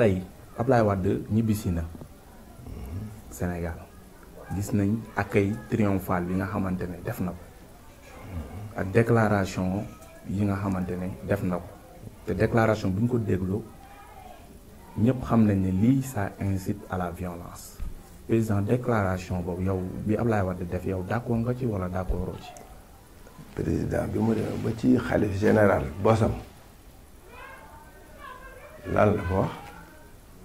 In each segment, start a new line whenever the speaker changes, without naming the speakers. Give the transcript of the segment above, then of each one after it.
la Ablaye Wade na Sénégal gis accueil triomphal bi nga xamantene def na déclaration yi nga xamantene def na déclaration bu ñu ko dégloo ñëpp xam nañ ça incite à la violence président déclaration boobu yow bi Ablaye Wade def yow d'accord nga ci wala ci.
président bi mu demee ba ci général bosam lan wax.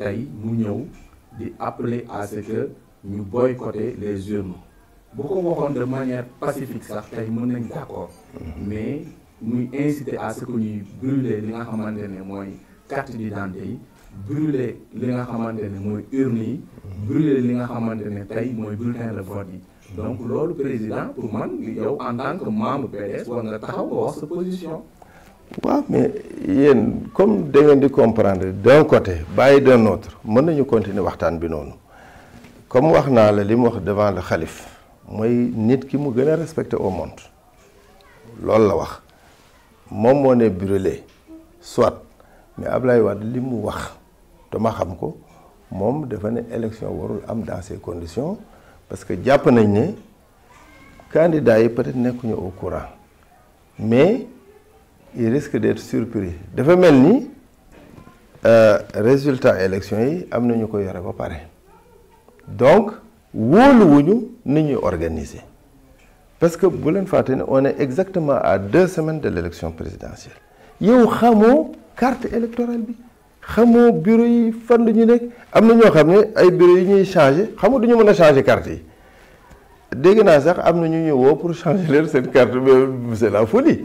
tey mu ñëw di appeler à ce que ñu boycotter les urnes bu ko waxoon de manière pacifique sax tey mën d'accord mais muy inciter à ce que ñuy brûler li nga xamante ne carte d'identité yi brûler li nga xamante ne mooy urne yi brûler li nga xamante ne tey mooy bulletin de vote donc le président pour man yow en tant que membre PDS war nga taxaw nga wax sa position
waaw mais yéen comme da ngeen di comprendre d'un côté bàyyi d'un autre mën nañu continuer à bi noonu comme wax naa la li wax devant le calife mooy nit ki mu gën a respecté au monde loolu la wax moom moo ne brûlé soit mais Ablaye Wad, li mu wax dama xam ko mom dafa ne élection warul am dans ces conditions parce que japp nañ ne candidat yi peut-être nekkuñu au courant mais il risque d'être surpris le euh, résultat élection donc nous ni nous organiser parce que bu on est exactement à deux semaines de l'élection présidentielle carte électorale bi bureau yi a ñu bureau yi ñuy changer a carte pour changer carte c'est la folie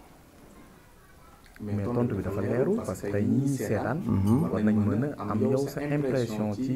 mais tontu
bi dafa leeru parce que tey ñii seetaan war nañ mën a am yow sa impression ci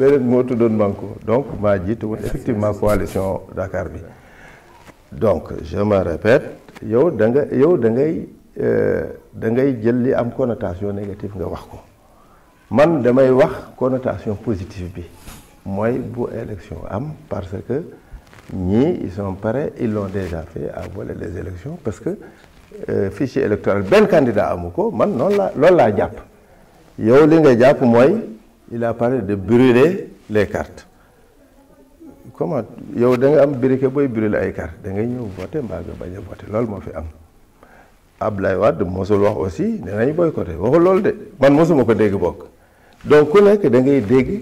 beneen moo don banco donc ma jiitu effectivement coalition Dakar bi donc je me répète yow da nga yow da ngay euh, da jël am connotation négative nga wax ko man damay wax connotation positive bi Moy bu élection am parce que ni ils sont prêts ils l'ont déjà fait à voler les élections parce que euh, fichier électoral ben candidat amuko man non la loolu laa jàpp yow li nga japp moy il a parlé de brûler les cartes comment yow da nga am briquet booy brûler ay cartes da ngay ñëw voté mbaa nga bañ voté fi am Ablaye Wad, mosul wax aussi ne nañ boycotté waxul loolu de man mosuma ko dégg bokk donc ku nekk da ngay dégg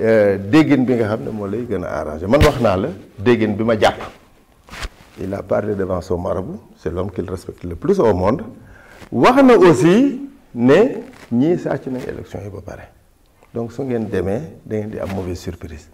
euh, déggin bi nga xam ne moo lay gën arrangé man wax naa la déggin bi ma il a parlé devant son marabout c'est l'homme qu'il respecte le plus au monde wax aussi ne ñii sàcc nañ élection yi ba pare donc vous ngeen demain, demain, ngeen di une mauvaise surprise